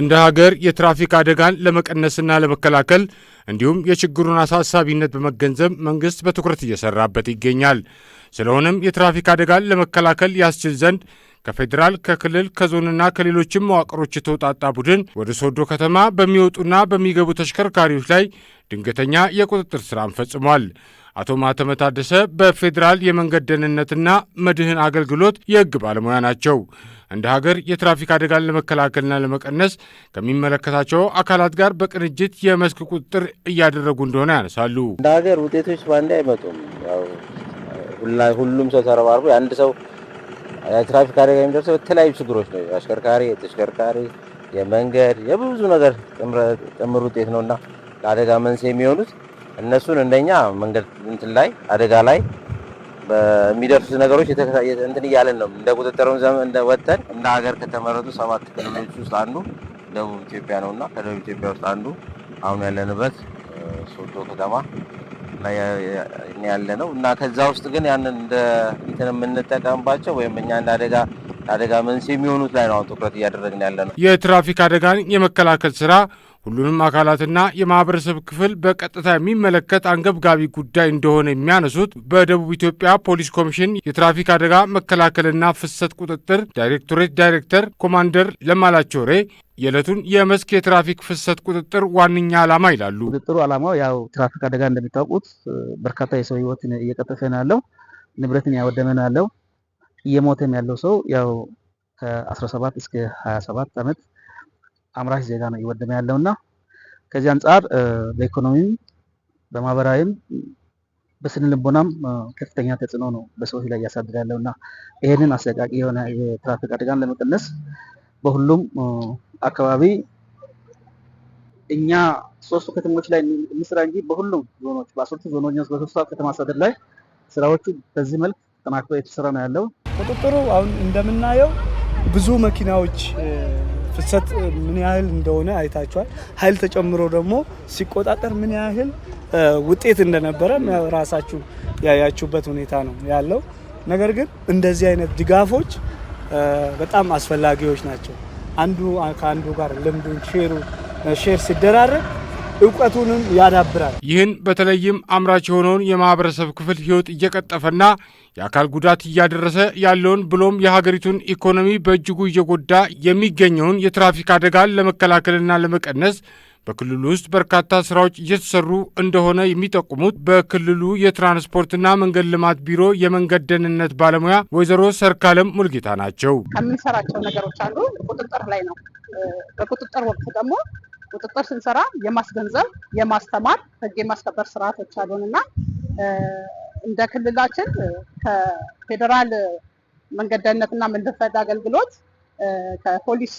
እንደ ሀገር የትራፊክ አደጋን ለመቀነስና ለመከላከል እንዲሁም የችግሩን አሳሳቢነት በመገንዘብ መንግስት በትኩረት እየሰራበት ይገኛል። ስለሆነም የትራፊክ አደጋን ለመከላከል ያስችል ዘንድ ከፌዴራል ከክልል ከዞንና ከሌሎችም መዋቅሮች የተውጣጣ ቡድን ወደ ሶዶ ከተማ በሚወጡና በሚገቡ ተሽከርካሪዎች ላይ ድንገተኛ የቁጥጥር ስራን ፈጽሟል። አቶ ማህተመ ታደሰ በፌዴራል የመንገድ ደህንነትና መድህን አገልግሎት የህግ ባለሙያ ናቸው። እንደ ሀገር የትራፊክ አደጋን ለመከላከልና ለመቀነስ ከሚመለከታቸው አካላት ጋር በቅንጅት የመስክ ቁጥጥር እያደረጉ እንደሆነ ያነሳሉ። እንደ ሀገር ውጤቶች በአንድ አይመጡም። ሁሉም ሰው ተረባርቦ የአንድ ሰው የትራፊክ አደጋ የሚደርሰው በተለያዩ ችግሮች ነው። አሽከርካሪ፣ የተሽከርካሪ፣ የመንገድ የብዙ ነገር ጥምር ውጤት ነውና ለአደጋ መንስኤ የሚሆኑት እነሱን እንደኛ መንገድ እንትን ላይ አደጋ ላይ በሚደርሱ ነገሮች እንትን እያለን ነው። እንደ ቁጥጥሩን ዘመን ወጥተን እንደ ሀገር ከተመረጡ ሰባት ክልሎች ውስጥ አንዱ ደቡብ ኢትዮጵያ ነው እና ከደቡብ ኢትዮጵያ ውስጥ አንዱ አሁን ያለንበት ሶዶ ከተማ ላይ ያለ ነው እና ከዛ ውስጥ ግን ያንን እንደ እንትን የምንጠቀምባቸው ወይም እኛ እንደ አደጋ አደጋ መንስኤ የሚሆኑት ላይ ነው ትኩረት እያደረግን ያለ ነው። የትራፊክ አደጋን የመከላከል ስራ ሁሉንም አካላትና የማህበረሰብ ክፍል በቀጥታ የሚመለከት አንገብጋቢ ጉዳይ እንደሆነ የሚያነሱት በደቡብ ኢትዮጵያ ፖሊስ ኮሚሽን የትራፊክ አደጋ መከላከልና ፍሰት ቁጥጥር ዳይሬክቶሬት ዳይሬክተር ኮማንደር ለማላቸው ሬ የዕለቱን የመስክ የትራፊክ ፍሰት ቁጥጥር ዋነኛ ዓላማ ይላሉ። ቁጥጥሩ ዓላማው ያው ትራፊክ አደጋ እንደሚታወቁት በርካታ የሰው ህይወት እየቀጠፈ ነው ያለው፣ ንብረትን ያወደመ ነው ያለው እየሞተም ያለው ሰው ያው ከ17 እስከ 27 ዓመት አምራች ዜጋ ነው እየወደመ ያለው እና ከዚህ አንጻር በኢኮኖሚም በማህበራዊም በስነ ልቦናም ከፍተኛ ተጽዕኖ ነው በሰዎች ላይ እያሳደረ ያለው እና ይህንን አሰቃቂ የሆነ የትራፊክ አደጋን ለመቀነስ በሁሉም አካባቢ እኛ ሶስቱ ከተሞች ላይ እንስራ እንጂ በሁሉም ዞኖች በአስርቱ ዞኖች በሶስቱ ከተማ አስተዳደር ላይ ስራዎቹ በዚህ መልክ ተጠናክሮ የተሰራ ነው ያለው። ቁጥጥሩ አሁን እንደምናየው ብዙ መኪናዎች ፍሰት ምን ያህል እንደሆነ አይታችኋል። ኃይል ተጨምሮ ደግሞ ሲቆጣጠር ምን ያህል ውጤት እንደነበረ ራሳችሁ ያያችሁበት ሁኔታ ነው ያለው። ነገር ግን እንደዚህ አይነት ድጋፎች በጣም አስፈላጊዎች ናቸው። አንዱ ከአንዱ ጋር ልምዱን ሼሩ ሼር ሲደራረግ እውቀቱንም ያዳብራል። ይህን በተለይም አምራች የሆነውን የማህበረሰብ ክፍል ህይወት እየቀጠፈና የአካል ጉዳት እያደረሰ ያለውን ብሎም የሀገሪቱን ኢኮኖሚ በእጅጉ እየጎዳ የሚገኘውን የትራፊክ አደጋን ለመከላከልና ለመቀነስ በክልሉ ውስጥ በርካታ ስራዎች እየተሰሩ እንደሆነ የሚጠቁሙት በክልሉ የትራንስፖርትና መንገድ ልማት ቢሮ የመንገድ ደህንነት ባለሙያ ወይዘሮ ሰርካለም ሙልጌታ ናቸው። ከምንሰራቸው ነገሮች አንዱ ቁጥጥር ላይ ነው። በቁጥጥር ወቅት ደግሞ ቁጥጥር ስንሰራ የማስገንዘብ የማስተማር ህግ የማስከበር ስርዓቶች አሉን እና እንደ ክልላችን ከፌዴራል መንገድ ደህንነትና መንገድ አገልግሎት ከፖሊስ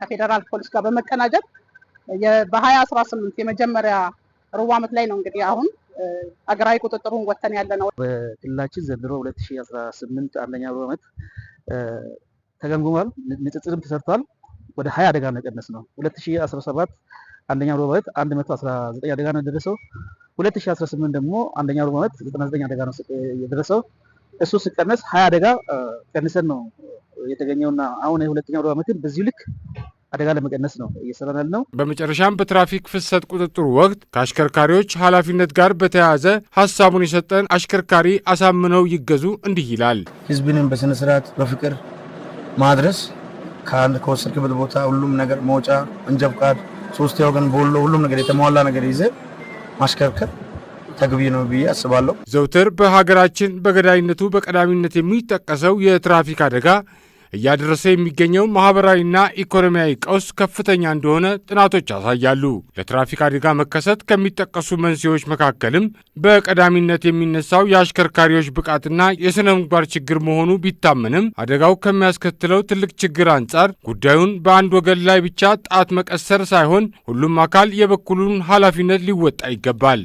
ከፌዴራል ፖሊስ ጋር በመቀናጀት በሀያ አስራ ስምንት የመጀመሪያ ሩብ ዓመት ላይ ነው እንግዲህ አሁን አገራዊ ቁጥጥሩን ወተን ያለ ነው። በክልላችን ዘንድሮ ሁለት ሺ አስራ ስምንት አንደኛ ሩብ ዓመት ተገምግሟል፣ ንጽጽርም ተሰርቷል። ወደ 20 አደጋ መቀነስ ነው። 2017 አንደኛ ሩብ ዓመት 119 አደጋ ነው የደረሰው። 2018 ደግሞ አንደኛ ሩብ ዓመት 99 አደጋ ነው የደረሰው። እሱ ስቀነስ 20 አደጋ ቀንሰን ነው የተገኘውና አሁን የሁለተኛ ሩብ ዓመትን በዚሁ ልክ አደጋ ለመቀነስ ነው እየሰራናል ነው። በመጨረሻም በትራፊክ ፍሰት ቁጥጥሩ ወቅት ከአሽከርካሪዎች ኃላፊነት ጋር በተያያዘ ሀሳቡን የሰጠን አሽከርካሪ አሳምነው ይገዙ እንዲህ ይላል። ህዝብንም በስነስርዓት በፍቅር ማድረስ ከወሰድክበት ቦታ ሁሉም ነገር መውጫ፣ ወንጀብ ቃድ፣ ሶስት ወገን ቦሎ ሁሉም ነገር የተሟላ ነገር ይዘ ማሽከርከር ተግቢ ነው ብዬ አስባለሁ። ዘውትር በሀገራችን በገዳይነቱ በቀዳሚነት የሚጠቀሰው የትራፊክ አደጋ እያደረሰ የሚገኘው ማህበራዊና ኢኮኖሚያዊ ቀውስ ከፍተኛ እንደሆነ ጥናቶች ያሳያሉ። ለትራፊክ አደጋ መከሰት ከሚጠቀሱ መንስኤዎች መካከልም በቀዳሚነት የሚነሳው የአሽከርካሪዎች ብቃትና የሥነ ምግባር ችግር መሆኑ ቢታመንም አደጋው ከሚያስከትለው ትልቅ ችግር አንጻር ጉዳዩን በአንድ ወገን ላይ ብቻ ጣት መቀሰር ሳይሆን ሁሉም አካል የበኩሉን ኃላፊነት ሊወጣ ይገባል።